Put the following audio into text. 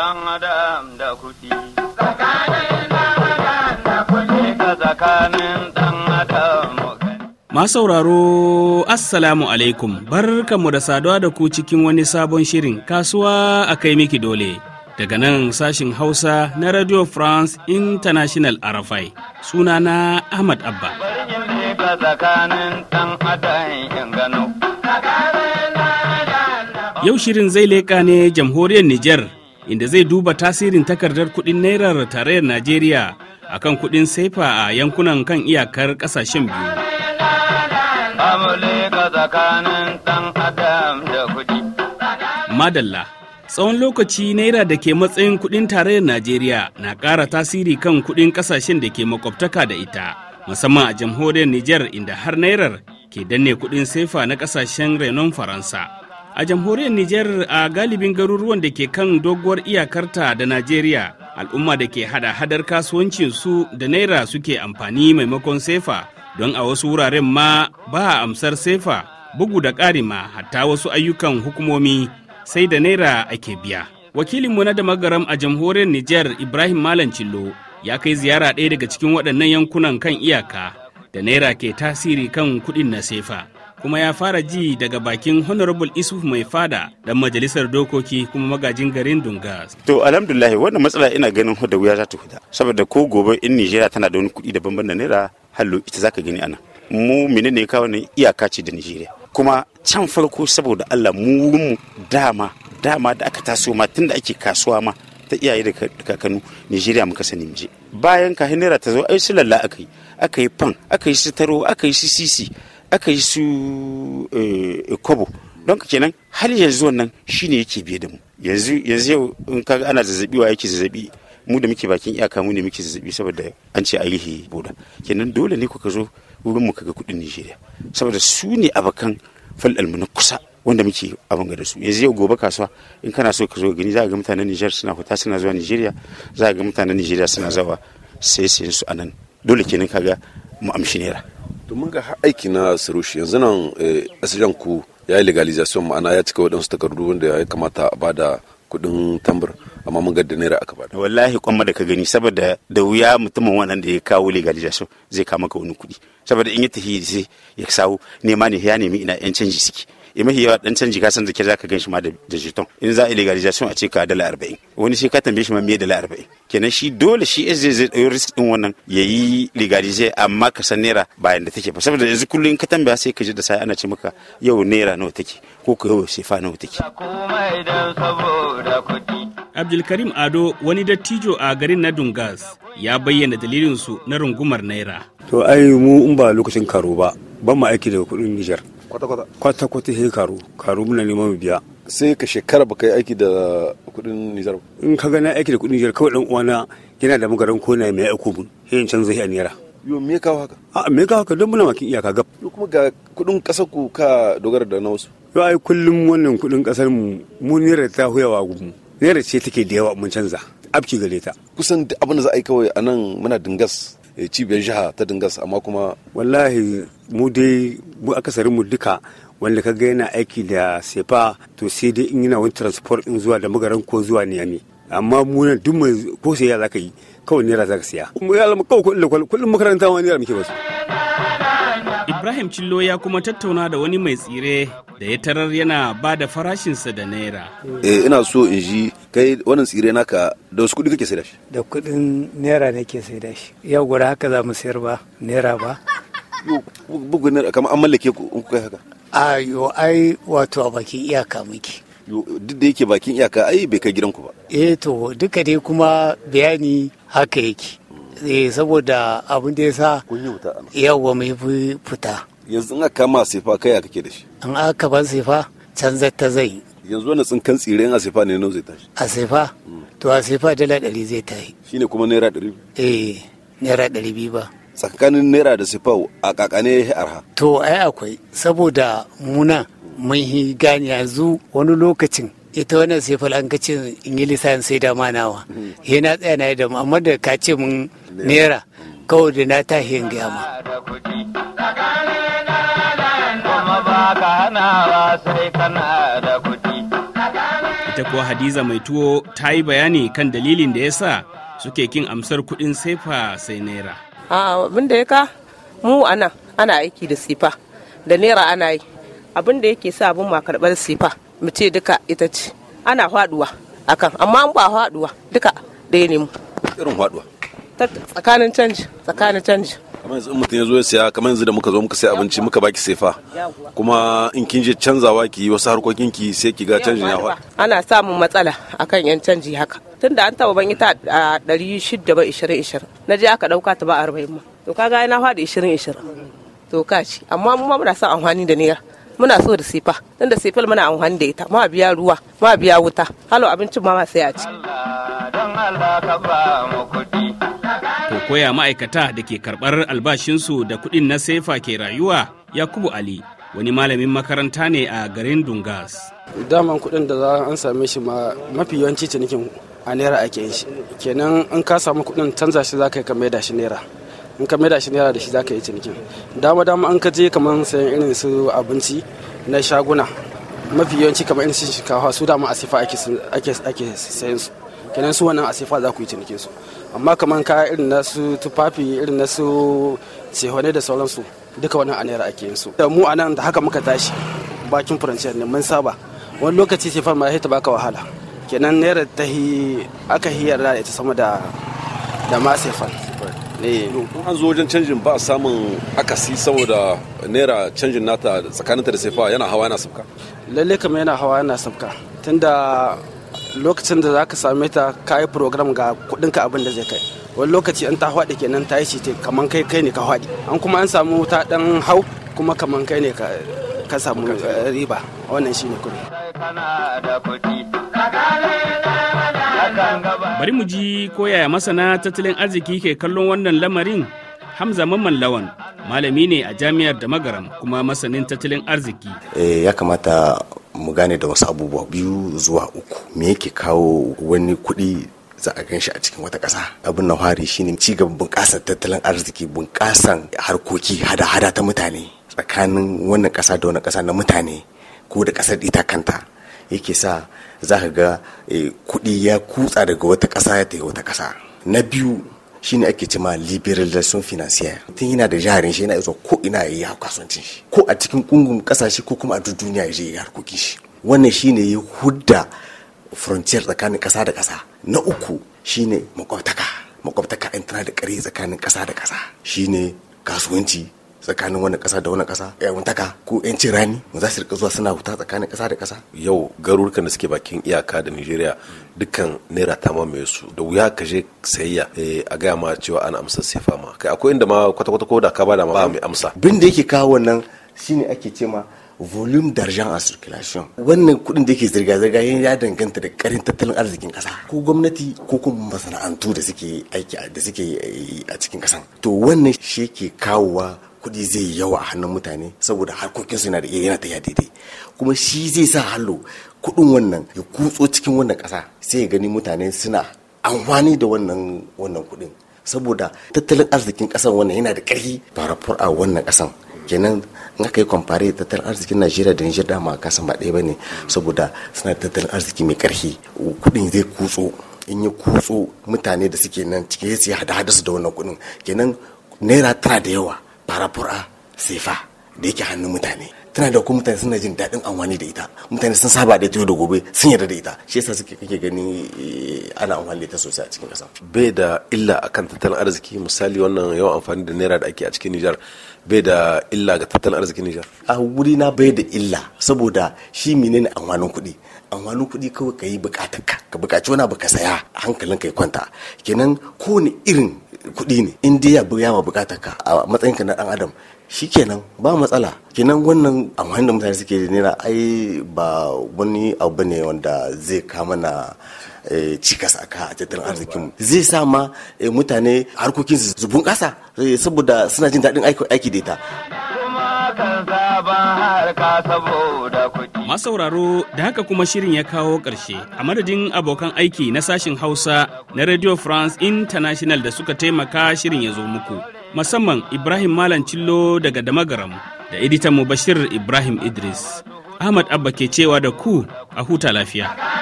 dan adam da kuɗi. Ma sauraro Assalamu alaikum barkanmu da saduwa da ku cikin wani sabon shirin kasuwa a kai miki dole daga nan sashin Hausa na Radio France International suna sunana Ahmad Abba. gano. Yau shirin zai leka ne jamhuriyar Nijar inda zai duba tasirin takardar kuɗin nairar tarayyar najeriya akan kuɗin saifa a yankunan kan iyakar ƙasashen biyu madalla tsawon lokaci naira da ke matsayin kuɗin tarayyar najeriya na ƙara tasiri kan kuɗin ƙasashen da ke makwabtaka da ita musamman a jamhuriyar nijar inda har nairar ke danne kuɗin saifa na ƙasashen renon faransa A jamhuriyar Nijar a galibin garuruwan da ke kan doguwar iyakarta da Najeriya, al'umma da ke hada hadar kasuwancin su da naira suke amfani maimakon sefa, don a wasu wuraren ma ba a amsar sefa, bugu da ƙari ma hatta wasu ayyukan hukumomi sai da naira ake biya. Wakilinmu na da magaram a jamhuriyar Nijar Ibrahim Malam Cillo ya kai ziyara ɗaya daga cikin waɗannan yankunan kan iyaka da naira ke tasiri kan kuɗin na sefa. kuma ya fara ji daga bakin honorable isuf mai fada dan majalisar dokoki kuma magajin garin dungas to alhamdulillah wannan matsala ina ganin hudu wuya za ta huda saboda ko gobe in nigeria tana da wani da daban da naira hallo ita zaka gani anan mu ne kawo ne iyaka ce da nigeria kuma can farko saboda allah mu mu dama dama da aka taso ma tunda ake kasuwa ma ta iyaye da kakanu nigeria muka sani muje bayan ka naira ta zo ai su lalla aka yi aka yi pan aka yi sitaro aka yi sisi aka yi su eh, kobo don ka kenan har yanzu wannan shine yake biye da mu yanzu yanzu yau in kaga ana zazzabi wa yake zazzabi mu da muke bakin iyaka mu ne muke zazzabi saboda an ce ayyuhi boda kenan dole ne kuka zo wurin mu kaga kudin Nigeria saboda su ne abakan falal mu na kusa wanda muke abin ga da su yanzu yau gobe kasuwa in kana so ka zo gani za ga mutanen Niger suna fita suna zuwa Nigeria za ga mutanen Nigeria suna zawa sai sayan su anan dole kenan kaga mu amshi naira to mun ga aiki na sarushi yanzu nan eh, asirin ku ya yi legalization ma'ana ya cika waɗansu takardu wanda ya kamata a bada kudin tambar amma mun ga naira aka bada wallahi kwamma da ka gani saboda da wuya mutumin wannan da ya kawo legalization zai kama ka wani kuɗi saboda in ya tafi sai ya sawo nema ne ya nemi ina yan canji suke e mafi yawa dan canji ka san da zaka ganshi ma da jeton in za a legalization a ce ka dala arba'in wani shi ka tambaye shi ma me dala arba'in kenan shi dole shi SJ zai ɗauki risk din wannan ya yi legalize amma ka san naira bayan da take ba saboda yanzu kullum ka tambaya sai ka ji da sai ana ce maka yau naira nawa take ko ka yau fa nawa take Abdulkarim Ado wani dattijo a garin na Dungas ya bayyana dalilinsu na rungumar naira. To ai mu in ba lokacin karo ba ban ma aiki daga kudin Nijar kwata-kwata kwata-kwata he karu karu muna neman mu biya sai ka shekara baka yi aiki da kudin Nijar in ka gana aiki da kudin Nijar kawai dan uwana yana da magaran kona mai aiko mun he in canza shi a naira yo me ka haka a me ka haka don muna makin iyaka gab yo kuma ga kudin kasar ku ka dogara da na wasu yo ai kullum wannan kudin kasar mu mu naira ta huyawa gumu naira ce take da yawa mun canza abki gare ta kusan abin da za a yi kawai a nan muna dingas Eh, cibiyar jiha ta dingas amma kuma wallahi mu dai mu akasarin mu duka wanda kaga yana aiki da sefa to sai dai in yana wani transport in zuwa da magaran ko zuwa niyami amma mu nan duk mai ko sai ya zaka yi kawai naira zaka siya mu ya alama kawai kullu kullu makaranta wani naira muke basu Ibrahim Cillo ya kuma tattauna da wani mai tsire da ya tarar yana ba da farashinsa da naira. Eh ina so in ji kai wannan tsire naka da wasu kuɗi kake da shi da kudin naira sai da shi yau gura haka za mu sayar ba naira ba bugun naira kamar an mallake ku in kai haka a yo ai wato a bakin iyaka muke duk da yake bakin iyaka ai bai kai gidanku ba eh to duka dai kuma bayani haka yake eh saboda abin da yi sa yawa mai fita yanzu in aka kama sefa kai kake da shi in aka ban sefa canza ta zai yanzu wannan tsinkan tsiren asifa ne nau zai tashi asifa to asifa dala ɗari zai tashi shine kuma naira ɗari eh naira ɗari biyu ba tsakanin naira da sifau a kakane arha to ai akwai saboda muna mun yi gani yanzu wani lokacin ita wani sifal an kace ingilisa sai da manawa yana hmm. tsaya na da amma da ka ce mun naira kawai da na tahi yin gaya ma ka sai kana da ita kuwa hadiza mai tuwo ta yi bayani kan dalilin da ya sa suke kin amsar kuɗin sefa sai naira abin da ya ka mu ana ana aiki da sifa da naira ana yi abin da yake sa abin ma karɓar sifa mu ce duka ita ce ana faɗuwa akan amma an ba faɗuwa duka ɗaya ne mu irin tsakanin canji tsakanin canji kamar yanzu mutum ya zo ya saya kamar yanzu da muka zo muka sai abinci muka baki sefa kuma in kin je canzawa ki wasu harkokin ki sai ki ga canjin ya ana samun matsala akan yan canji haka tunda an taba ban ita a 600 ba ishirin ishirin na je aka ɗauka ta ba arba'in ma to kaga na faɗi ishirin ishirin to ka ci amma mu ma muna son amfani da naira muna so da sifa tunda sefa muna amfani da ita ma biya ruwa ma biya wuta halo abincin ma ma sai a ci Allah don Allah ka ba mu koya ma'aikata da ke karɓar albashinsu da kuɗin na sefa ke rayuwa yakubu ali wani malamin makaranta ne a garin dungas daman kuɗin da za an same shi ma mafi yawanci cinikin a naira ake yin shi kenan in ka samu kuɗin canza shi za ka yi ka maida shi naira in ka maida shi naira da shi za ka yi cinikin dama dama an ka je kamar sayan irin su abinci na shaguna mafi yawanci kamar irin shinkafa su dama a sifa ake sayan su kenan su wannan asifa za ku yi cinikin su amma kamar kaya irin na su tufafi irin na su cehone da sauransu duka wannan a naira ake yin su da mu a nan da haka muka tashi bakin furanciyar ne mun saba wani lokaci ce farma ya ta baka wahala kenan naira ta hi aka hi yarda ita sama da da ma sefan eh. ne an zo wajen canjin ba samun akasi saboda naira canjin nata tsakaninta da sefa yana hawa yana sabka lalle kamar yana hawa yana sabka tunda lokacin da za ka same ta ka yi program ga kudinka abin da zai kai wani lokaci an ta haɗe kenan ta yi shi te kamar kai kai ne ka haɗe an kuma an samu ta ɗan hau kuma kamar kai ne ka samu eh, riba wannan shi ne kuɗi. bari mu ji koyaya masana tattalin arziki ke kallon wannan lamarin hamza mamman lawan malami ne a jami'ar da magaram kuma masanin tattalin arziki eh, ya kamata mu gane da wasu abubuwa biyu zuwa uku me yake kawo wani kuɗi za a ganshi a cikin wata ƙasa abin na fari shine ci gaban bunƙasar tattalin arziki bunƙasan harkoki hada-hada ta mutane tsakanin wannan ƙasa da wannan ƙasa na mutane ko da ƙasar ita kanta yake sa za ka ga eh, kuɗi ya kutsa daga wata ƙasa ya tafi wata ƙasa na biyu shi ne ake cima ma liberalization financière tun yana da jarin shi yana iso ko ina yayi kasuwancin shi ko a cikin kungun kasashe ko kuma a duk duniya ya je ya harkokin shi wannan shine ya hudda frontier tsakanin kasa da kasa na uku shine makwabtaka makwabtaka intana da kare tsakanin kasa da kasa shine kasuwanci tsakanin wani kasa da wani ƙasa wuntaka ko yanci rani za su rika zuwa suna ta tsakanin kasa da kasa yau garurukan da suke bakin iyaka da nigeria dukkan naira ta mai su da wuya ka je sayayya eh, a gaya ma cewa ana amsa sefa fama kai akwai inda ma kwata-kwata ko da ka bada ma ba mai amsa bin da yake kawo wannan shine ake ce ma volume d'argent en circulation wannan kudin da yake zirga-zirga ya danganta da karin tattalin arzikin kasa ko gwamnati ko kuma masana'antu da suke aiki da suke eh, a cikin kasan to wannan shi yake kawowa kudi zai yi yawa a hannun mutane saboda su yana da yana ta daidai kuma shi zai sa hallo kuɗin wannan ya kutso cikin wannan kasa sai ya gani mutane suna amfani da wannan wannan kuɗin saboda tattalin arzikin kasan wannan yana da ƙarfi fara a wannan kasan kenan in aka yi kwamfare tattalin arzikin najeriya da nijar dama kasan ba ɗaya ba ne saboda suna tattalin arziki mai karfi kuɗin zai kutso in ya kutso mutane da suke nan cike sai hada hada su da wannan kuɗin kenan naira tara da yawa farafura sefa da yake hannun mutane tana da kuma mutane suna jin daɗin amfani da ita mutane sun saba da tuyo da gobe sun yarda da ita shi yasa suke kake gani eh, ana amfani da ita sosai a cikin ƙasa bai da illa akan tattalin arziki misali wannan yawan amfani da naira da ake a cikin Nijar bai da illa ga tattalin arzikin Nijar a wuri na bai da illa saboda shi menene amfanin kuɗi amfanin kuɗi kawai ka yi buƙatar ka ka buƙaci wani abu ka saya hankalin ka ya kwanta kenan kowane irin kuɗi ne in dai ya biya ma bukatar ka a matsayin ka na dan adam shikenan ba matsala kenan wannan amfani da mutane suke nera ai ba wani abu ne wanda zai kama na eh, cikas a ka tattalin arzikinmu zai sa ma eh, mutane harkokin su bunƙasa eh, saboda suna jin daɗin aiki da ita. Kuma kan ka saboda kuɗi. Masu sauraro da haka kuma shirin ya kawo ƙarshe a madadin abokan aiki na sashen Hausa na Radio France International da suka taimaka shirin ya zo muku. Musamman Ibrahim Malam Cillo daga Damagaram da editan mu Bashir Ibrahim Idris. Ahmad Abba ke cewa da ku a huta lafiya.